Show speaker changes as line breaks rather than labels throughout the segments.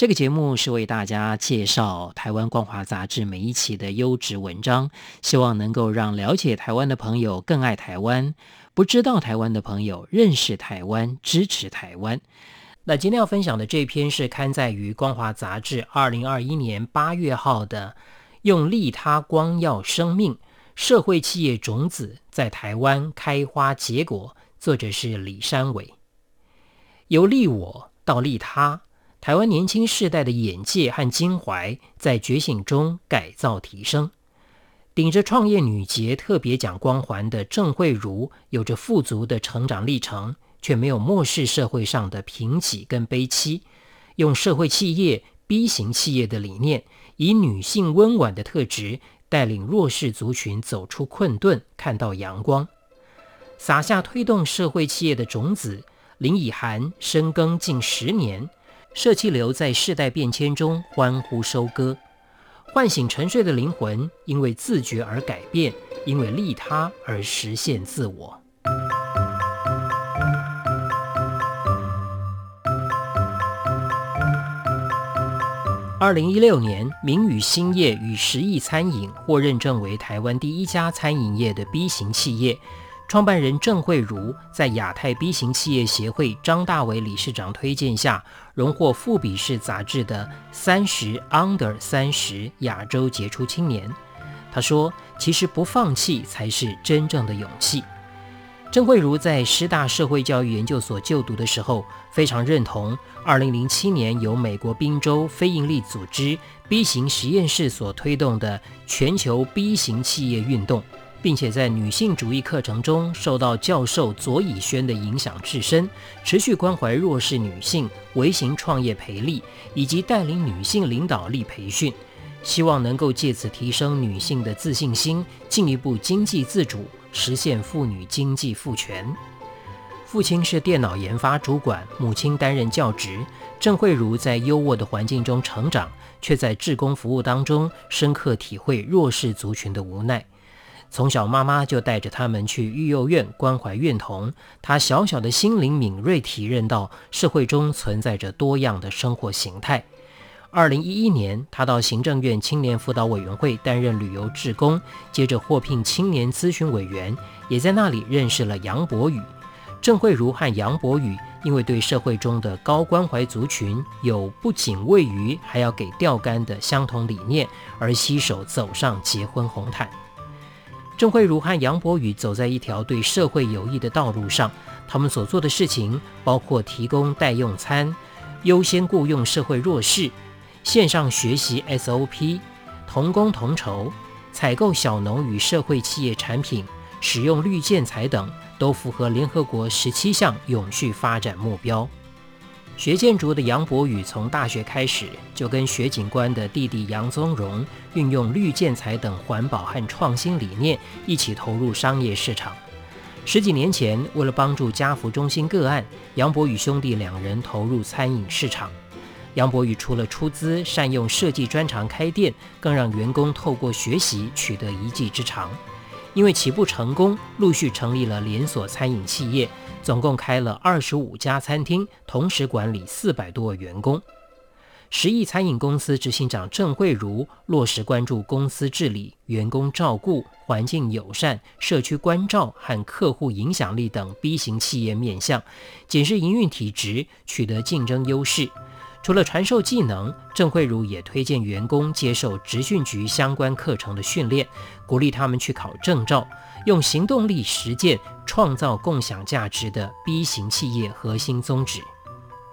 這個節目是為大家介紹台灣光華雜誌每一期的優質文章，希望能夠讓了解台灣的朋友更愛台灣，不知道台灣的朋友認識台灣，支持台灣。那今天要分享的這篇是刊載於《光華雜誌》二零二一年八月號的“用利他光耀生命，社會企業種子在台灣開花結果”，作者是李山偉。由利我到利他。台灣年輕世代的眼界和襟懷，在覺醒中改造提升。頂着創業女傑特別獎光環的鄭惠如，有着富足的成長歷程，卻沒有漠視社會上的貧瘠跟悲悽。用社會企業 B 型企業的理念，以女性溫婉的特質，帶領弱勢族群走出困頓，看到陽光，撒下推動社會企業的種子。林以涵深耕近十年。社企流在世代變遷中歡呼收割，喚醒沉睡的靈魂，因為自覺而改變，因為利他而實現自我。二零一六年，明宇興業與十億餐飲獲認證為台灣第一家餐飲業的 B 型企業。創辦人鄭惠如在亞太 B 型企業協會張大偉理事長推薦下，榮獲《富比士》雜誌的三十 Under 三十亞洲傑出青年。她說：“其實不放棄才是真正的勇氣。”鄭惠如在師大社會教育研究所就讀的時候，非常認同二零零七年由美國賓州非營利組織 B 型實驗室所推動的全球 B 型企業運動。並且在女性主義課程中受到教授左以軒的影響至深，持續關懷弱勢女性、微型創業培力以及帶領女性領導力培訓，希望能夠借此提升女性的自信心，進一步經濟自主，實現婦女經濟賦權。父親是電腦研發主管，母親擔任教職，鄭惠如在優渥的環境中成長，卻在志工服務當中深刻體會弱勢族群的無奈。從小，媽媽就帶着他們去育幼院關懷院童。她小小的心靈敏銳體認到社會中存在着多樣的生活形態。二零一一年，她到行政院青年輔導委員會擔任旅遊志工，接着獲聘青年諮詢委員，也在那裡認識了楊博宇、鄭惠如和楊博宇。因為對社會中的高關懷族群有不僅餵魚還要給釣竿的相同理念，而攜手走上結婚紅毯。鄭鄭惠如和楊博宇走在一條對社會有益的道路上。他們所做的事情包括提供代用餐、優先雇用社會弱勢、線上學習 SOP、同工同酬、採購小農與社會企業產品、使用綠建材等，都符合聯合國十七項永續發展目標。學建築的楊博宇從大學開始就跟學景觀的弟弟楊宗榮，運用綠建材等環保和創新理念，一起投入商業市場。十幾年前，為了幫助家福中心個案，楊博宇兄弟兩人投入餐飲市場。楊博宇除了出資，善用設計專長開店，更讓員工透過學習取得一技之長。因為起步成功，陸續成立了連鎖餐飲企業。總共開了二十五家餐廳，同時管理四百多位員工。十億餐飲公司執行長鄭惠如落實關注公司治理、員工照顧、環境友善、社區關照和客戶影響力等 B 型企業面向，僅是營運體質取得競爭優勢。除了傳授技能，鄭惠如也推薦員工接受職訓局相關課程的訓練，鼓勵他們去考證照。用行動力實踐創造共享價值的 B 型企業核心宗旨，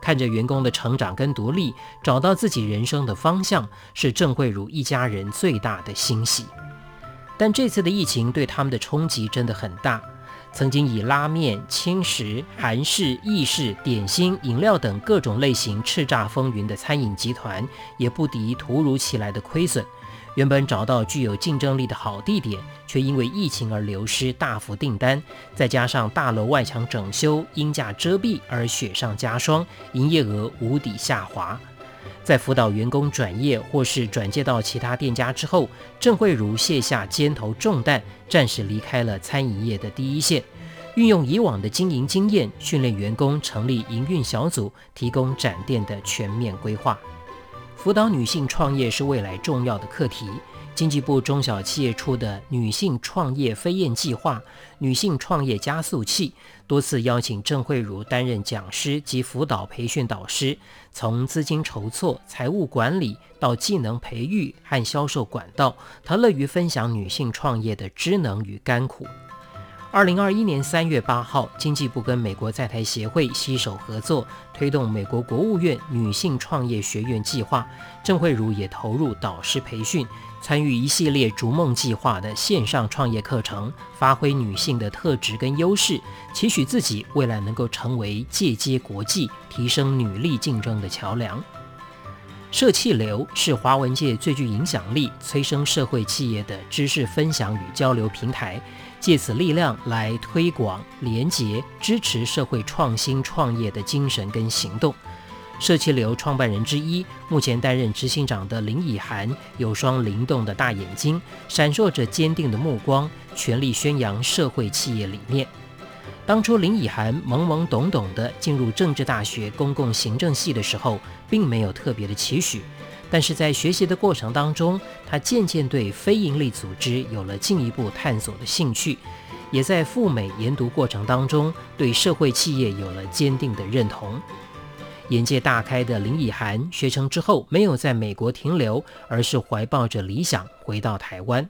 看着員工的成長跟獨立，找到自己人生的方向，是鄭惠如一家人最大的欣喜。但這次的疫情對他們的衝擊真的很大。曾經以拉麵、輕食、韓式、意式、點心、飲料等各種類型叱咤風雲的餐飲集團，也不敵突如其來的虧損。原本找到具有競爭力的好地點，卻因為疫情而流失大幅訂單，再加上大樓外牆整修、鷹架遮蔽而雪上加霜，營業額無底下滑。在輔導員工轉業或是轉介到其他店家之後，鄭惠如卸下肩頭重擔，暫時離開了餐飲業的第一線，運用以往的經營經驗，訓練員工，成立營運小組，提供展店的全面規劃。輔導女性創業是未來重要的課題。經濟部中小企業處的女性創業飛燕計劃、女性創業加速器多次邀請鄭惠如擔任講師及輔導培訓導師，從資金籌措、財務管理到技能培育和銷售管道，她樂於分享女性創業的知能與甘苦。二零二一年三月八號，經濟部跟美國在台協會攜手合作，推動美國國務院女性創業學院計劃。鄭惠如也投入導師培訓，參與一系列逐夢計劃的線上創業課程，發揮女性的特質跟優勢，期許自己未來能夠成為借接國際、提升女力競爭的橋樑。社企流是華文界最具影響力、催生社會企業的知識分享與交流平台，借此力量來推廣連結、支持社會創新創業的精神跟行動。社企流創辦人之一、目前擔任執行長的林以涵，有雙靈動的大眼睛，閃爍着堅定的目光，全力宣揚社會企業理念。當初林以涵懵懵懂懂地進入政治大學公共行政系的時候，並沒有特別的期許，但是在學習的過程當中，他漸漸對非營利組織有了進一步探索的興趣，也在赴美研讀過程當中，對社會企業有了堅定的認同。眼界大開的林以涵學成之後，沒有在美國停留，而是懷抱着理想回到台灣。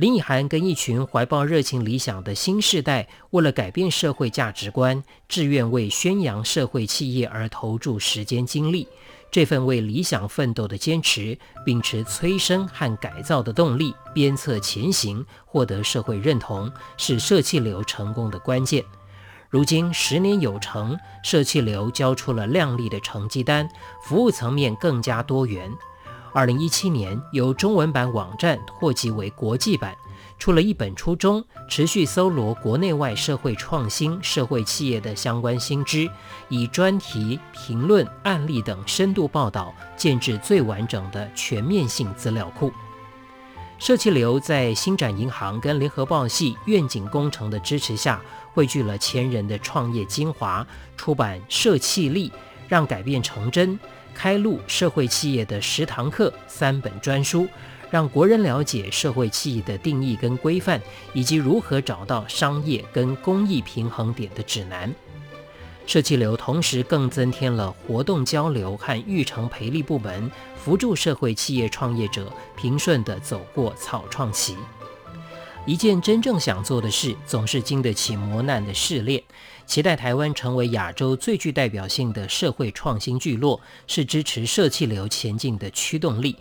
林以涵跟一群懷抱熱情理想的新世代，為了改變社會價值觀，志願為宣揚社會企業而投注時間精力。這份為理想奮鬥的堅持，秉持催生和改造的動力，鞭策前行，獲得社會認同，是社企流成功的關鍵。如今十年有成，社企流交出了亮麗的成績單，服務層面更加多元。二零一七年，由中文版網站獲輯為國際版，出了一本《初衷》，持續搜羅國內外社會創新、社會企業的相關新知，以專題、評論、案例等深度報道，建置最完整的全面性資料庫。社企流在星展銀行跟聯合報系願景工程的支持下，匯聚了前人的創業精華，出版《社企力》，讓改變成真。開路社會企業的十堂課、三本專書，讓國人了解社會企業的定義跟規範，以及如何找到商業跟公益平衡點的指南。社企流同時更增添了活動交流和育成培力部門，扶助社會企業創業者平順地走過草創期。一件真正想做的事，總是經得起磨難的試煉。期待台灣成為亞洲最具代表性的社會創新聚落，是支持社企流前進的驅動力。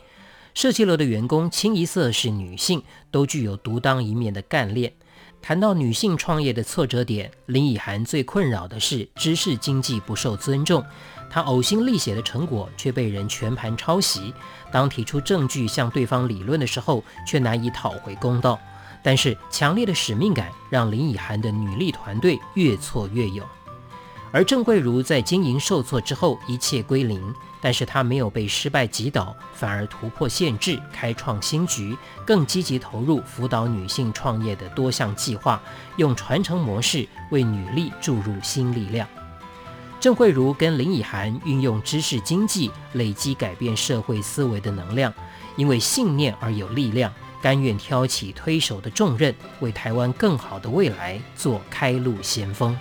社企流的員工清一色是女性，都具有獨當一面的幹練。談到女性創業的挫折點，林以涵最困擾的是知識經濟不受尊重。她嘔心瀝血的成果卻被人全盤抄襲，當提出證據向對方理論的時候，卻難以討回公道。但是強烈的使命感讓林以涵的女力團隊越挫越勇，而鄭惠如在經營受挫之後一切歸零，但是她沒有被失敗擊倒，反而突破限制，開創新局，更積極投入輔導女性創業的多項計劃，用傳承模式為女力注入新力量。鄭惠如跟林以涵運用知識經濟，累積改變社會思維的能量，因為信念而有力量。甘願挑起推手的重任，為台灣更好的未來做開路先鋒。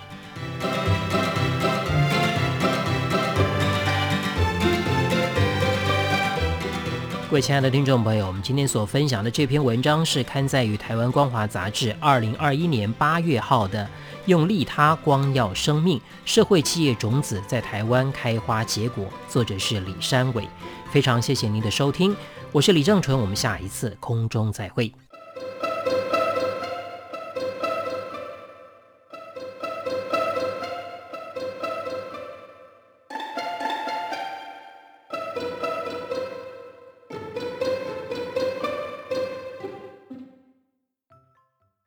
各位親愛的聽眾朋友，我們今天所分享的這篇文章是刊載於《台灣光華雜誌》二零二一年八月號的，《用利他光耀生命：社會企業種子在台灣開花結果》，作者是李山偉。非常謝謝您的收聽。我是李正淳，我們下一次空中再會。